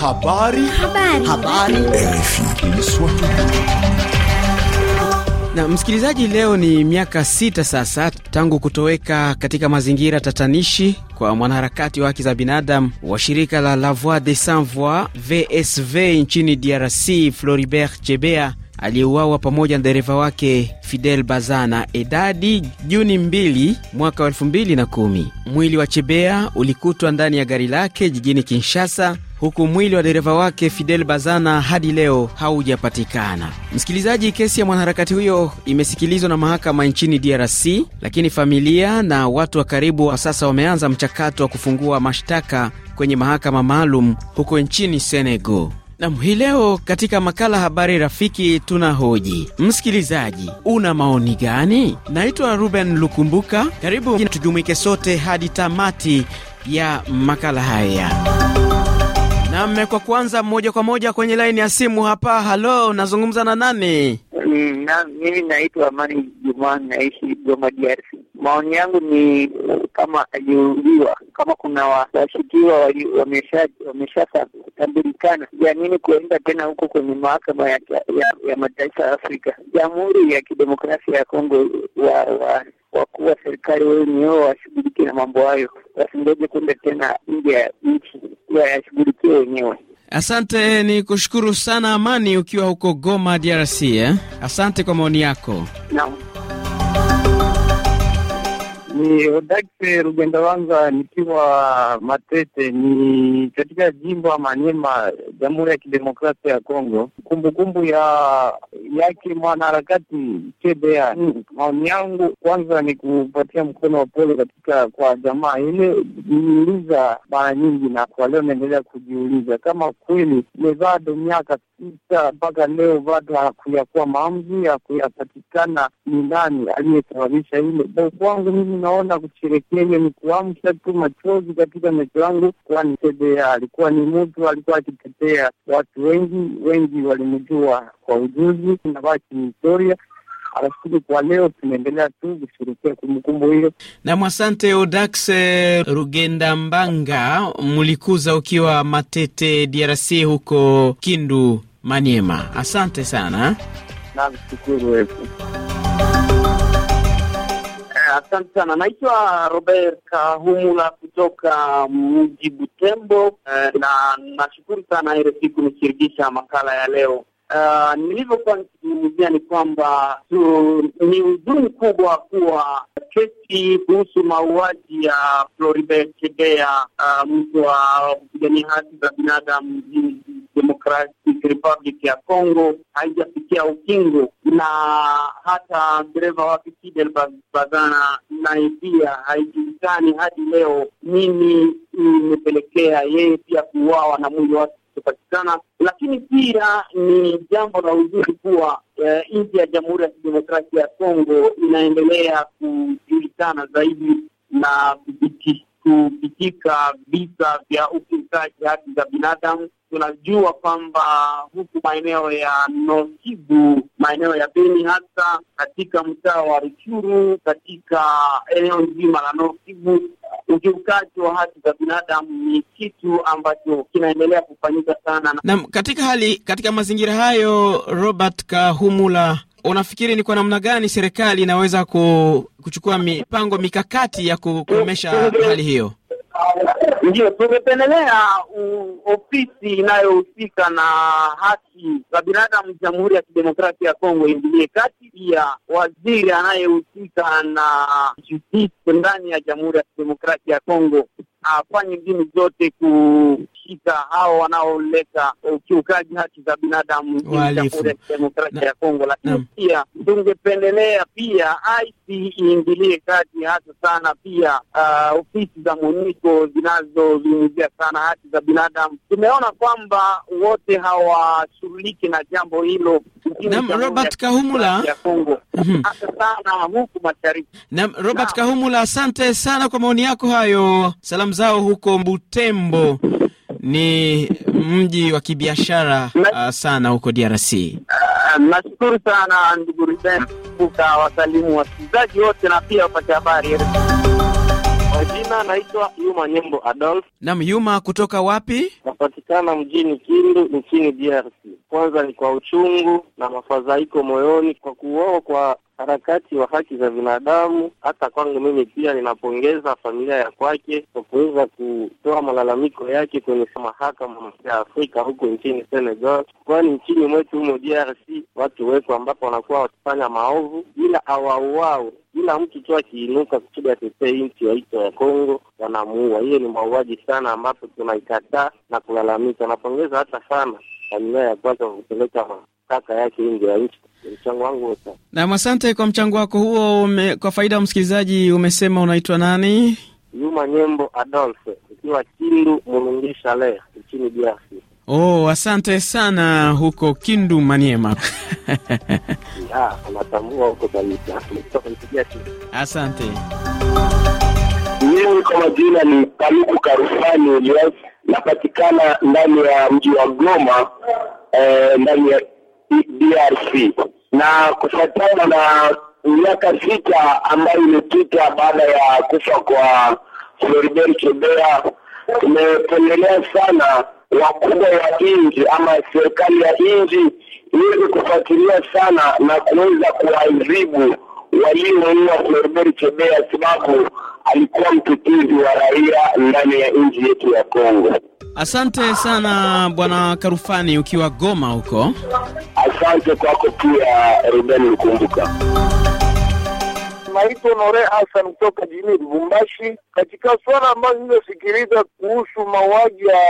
Habari. Habari. Habari. na msikilizaji, leo ni miaka sita sasa tangu kutoweka katika mazingira tatanishi kwa mwanaharakati wa haki za binadamu wa shirika la La Voix des Sans Voix VSV nchini DRC, Floribert Chebeya aliyeuawa pamoja na dereva wake Fidel Bazana edadi Juni 2 mwaka 2010. Mwili wa Chebea ulikutwa ndani ya gari lake jijini Kinshasa huku mwili wa dereva wake Fidel Bazana hadi leo haujapatikana. Msikilizaji, kesi ya mwanaharakati huyo imesikilizwa na mahakama nchini DRC, lakini familia na watu wa karibu wa sasa wameanza mchakato wa kufungua mashtaka kwenye mahakama maalum huko nchini Senegal. Nam, hii leo katika makala Habari Rafiki tunahoji msikilizaji, una maoni gani? Naitwa Ruben Lukumbuka, karibu tujumuike sote hadi tamati ya makala haya. Naam, kwa kwanza moja kwa moja kwenye laini ya simu hapa. Halo, nazungumza na nani? Mm, na mimi naitwa Amani Juma, naishi Goma, DRC. Maoni yangu ni uh, kama aliuliwa kama kuna washukiwa wameshatambulikana, ya nini kuenda tena huko kwenye mahakama ya, ya, ya mataifa ya Afrika? Jamhuri ya Kidemokrasia ya Kongo wa, wa wakuu wa serikali wenyewe washughulike na mambo hayo, wasingoje kwenda tena nje ya nchi wenyewe. Asante, ni kushukuru sana Amani ukiwa huko Goma, DRC eh? Asante kwa maoni yako no. Ni Odaxe Rugendabanza nikiwa Matete, ni katika jimbo la Maniema, Jamhuri ya Kidemokrasia ya Kongo. Kumbukumbu ya yake mwanaharakati Chebea, maoni yangu kwanza ni kupatia mkono wa pole katika kwa jamaa ile. Niliuliza mara nyingi na kwa leo naendelea kujiuliza kama kweli bado miaka sita mpaka leo bado hakuyakuwa maamuzi kuyapatikana, ni nani aliyesababisha ile. Kwangu mimi naona kucherekeye ni kuamsha tu machozi katika macho yangu, kwani Sebeya alikuwa ni mtu alikuwa akitetea watu wengi, wengi walimjua kwa ujuzi na ni historia Alafikiri kwa leo tunaendelea tu kusherekea kumbukumbu hiyo. Nam, asante Odax eh, Rugenda Mbanga, mlikuza ukiwa Matete, DRC, huko Kindu, Maniema. Asante sana, namshukuru wetu. Asante sana, naitwa Robert Kahumula kutoka mji Butembo. Uh, na nashukuru sana RFI kunishirikisha makala ya leo. Uh, nilivyokuwa nikizungumzia ni kwamba ni huzuni kubwa kuwa kesi kuhusu mauaji ya Floribert Chebeya, uh, eh, mtu wa kupigania haki za binadamu mjini Democratic Republic ya Congo haijafikia ukingo, na hata dereva wake Fidel Bazana pia haijulikani hadi leo nini imepelekea yeye pia kuuawa na mwili wake kupatikana. Lakini pia ni jambo la uzuri kuwa eh, nchi ya Jamhuri ya Kidemokrasia ya Kongo inaendelea kujulikana zaidi na kupitika visa vya ukiukaji haki za binadamu tunajua kwamba huku maeneo ya nord maeneo ya Beni, hasa katika mtaa wa Ruchuru, katika eneo nzima la nord ukiukaji wa haki za binadamu ni kitu ambacho kinaendelea kufanyika sana. Naam, katika hali katika mazingira hayo, Robert Kahumula, unafikiri ni kwa namna gani serikali inaweza kuchukua mipango mikakati ya kukomesha hali hiyo? ndio tungependelea ofisi inayohusika na haki za binadamu Jamhuri ya Kidemokrasia ya Kongo ingilie kati, pia waziri anayehusika na justice ndani ya Jamhuri ya Kidemokrasia ya Kongo afanye mbinu zote ku kuwashika hao wanaoleta ukiukaji haki za binadamu nchini Jamhuri ya Kidemokrasia ya Kongo, lakini pia tungependelea pia IC e iingilie kati, hasa sana pia uh, ofisi za MONUSCO zinazozungumzia sana haki za binadamu. Tumeona kwamba wote hawashughuliki na jambo hilo nchini Robert Kahumula mhm. sana huku mashariki. Naam, Robert Kahumula, asante sana kwa maoni yako hayo, salamu zao huko Butembo ni mji wa kibiashara uh, sana huko DRC. Uh, ah, nashukuru sana ndugu Ruben Kuka, wasalimu wasikilizaji wote na pia wapate habari. Kwa jina naitwa Yuma Nyembo Adolf. Naam, Yuma kutoka wapi? Napatikana mjini Kindu nchini DRC. Kwanza ni kwa uchungu na mafadhaiko moyoni kwa kuoa kwa harakati wa haki za binadamu. Hata kwangu mimi pia ninapongeza familia ya kwake kwa kuweza kutoa malalamiko yake kwenye mahakama ya Afrika huko nchini Senegal, kwani nchini mwetu humo DRC watu wetu ambapo wanakuwa wakifanya maovu ila hawauawe kila mtu tu akiinuka kusudi atetee nchi yaito ya Kongo wanamuua. Hiyo ni mauaji sana, ambapo tunaikataa na kulalamika. Napongeza hata sana familia ya kwanza kupeleka mashtaka yake nje ya nchi. Mchango wangu wote. nam. Asante kwa mchango wako huo. Ume, kwa faida ya msikilizaji, umesema unaitwa nani? Juma Nyembo Adolfe, ikiwa Kindu Mulungisha le nchini DRC. Oh, asante sana huko Kindu Maniema. Ah, asante. Mimi kwa majina ni Paluku Karufani napatikana ndani ya mji wa Goma, eh, ndani ya DRC na kufuatana na miaka sita ambayo imepita baada ya kufa kwa Floribert Chebeya, tumependelea sana wakubwa wa nchi ama serikali ya nchi iweze kufuatilia sana na kuweza kuadhibu walioua Floribert Chebeya, sababu alikuwa mtetezi wa raia ndani ya nchi yetu ya Kongo. Asante sana bwana Karufani, ukiwa Goma huko. Asante kwako pia Ruben Lukumbuka. Naitwa Nore Hassan kutoka jijini Lubumbashi. Katika swala ambayo nimesikiliza kuhusu mauaji ya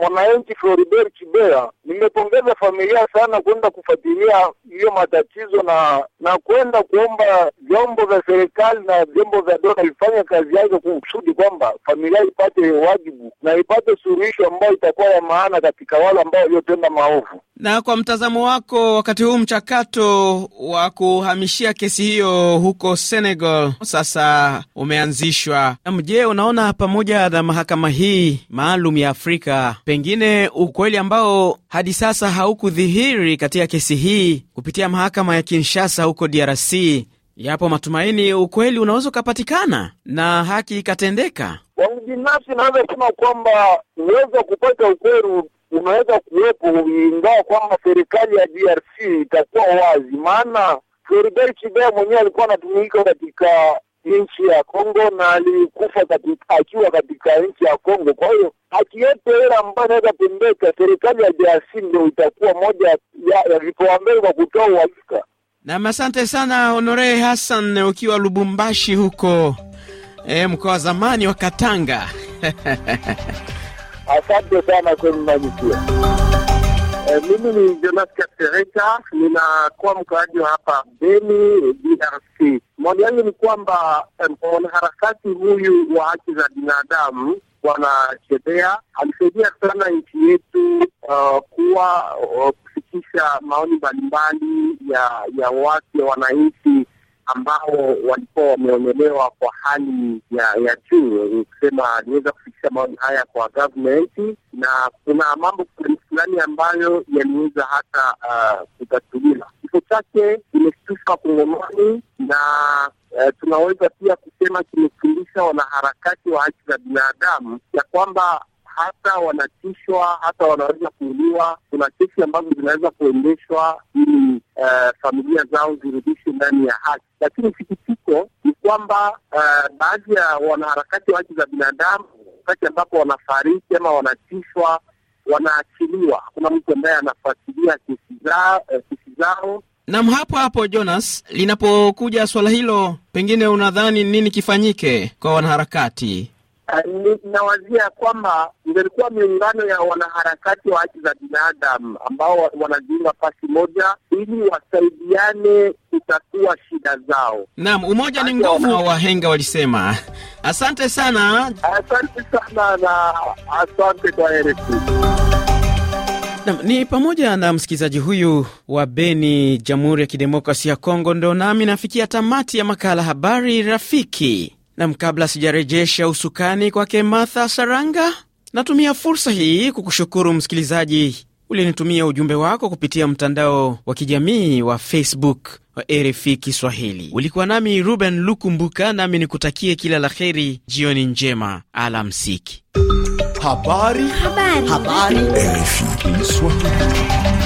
mwananchi Floribert Chebeya, nimepongeza familia sana kwenda kufuatilia hiyo matatizo na na kwenda kuomba vyombo vya serikali na vyombo vya dola vifanye kazi yake kwa kusudi kwamba familia ipate wajibu na ipate suluhisho ambayo itakuwa ya maana katika wale ambao waliotenda maovu. Na kwa mtazamo wako, wakati huu mchakato wa kuhamishia kesi hiyo huko se Senegal sasa umeanzishwa. Je, unaona pamoja na mahakama hii maalum ya Afrika, pengine ukweli ambao hadi sasa haukudhihiri katika kesi hii kupitia mahakama ya Kinshasa huko DRC, yapo matumaini ukweli unaweza ukapatikana na haki ikatendeka? Kwangu binafsi, naweza kusema kwamba uwezo wa kupata ukweli unaweza kuwepo, ingawa kwamba serikali ya DRC itakuwa wazi, maana Floribert Chebeya mwenyewe alikuwa anatumika katika nchi ya Kongo na alikufa katika akiwa katika nchi ya Kongo. Kwa hiyo haki yote ile ambayo inaweza tendeka, serikali ya DRC ndio itakuwa moja ya vipaumbele kwa kutoa uhakika. Nam, asante sana Honore Hassan ukiwa Lubumbashi huko e, mkoa wa zamani wa Katanga. Asante sana kwenu nanyi Eh, mimi ni Jonas Kasereka, ninakuwa mkaaji wa hapa Beni, DRC. Maoni yangu ni kwamba eh, mwanaharakati huyu wa haki za binadamu Bwana Chebea alisaidia sana nchi yetu uh, kuwa uh, kufikisha maoni mbalimbali ya ya watu ya wananchi ambao walikuwa wameonelewa kwa hali ya ya juu. Kusema aliweza kufikisha maoni haya kwa government, na kuna mambo fulani ambayo yaliweza hata uh, kutatuliwa. Kifo chake kimeshtushwa Kongomani na Uh, tunaweza pia kusema kimefundisha wanaharakati wa haki za binadamu ya kwamba hata wanatishwa, hata wanaweza kuuliwa. Kuna kesi ambazo zinaweza kuendeshwa ili uh, familia zao zirudishwe ndani ya haki, lakini sikitiko ni kwamba uh, baadhi ya wanaharakati wa haki za binadamu wakati ambapo wanafariki ama wanatishwa wanaachiliwa, kuna mtu ambaye anafuatilia kesi zao, eh, kesi zao. Nam, hapo hapo Jonas, linapokuja swala hilo, pengine unadhani nini kifanyike kwa wanaharakati? Eh, ninawazia kwamba ingelikuwa miungano ya wanaharakati wa haki za binadamu ambao wanajiunga pasi moja ili wasaidiane kutatua shida zao. Naam, umoja ni nguvu, wa wahenga walisema. Asante sana, asante sana na asante kwa herefu. ni pamoja na msikilizaji huyu wa Beni, Jamhuri ya Kidemokrasia ya Kongo. Ndo nami nafikia tamati ya makala Habari Rafiki Nam, kabla sijarejesha usukani kwake Martha Saranga, natumia fursa hii kukushukuru msikilizaji ulinitumia ujumbe wako kupitia mtandao wa kijamii wa Facebook wa RFI Kiswahili. Ulikuwa nami Ruben Lukumbuka, nami nikutakie kila la heri, jioni njema, alamsiki. Habari. Habari. Habari. RFI Kiswahili.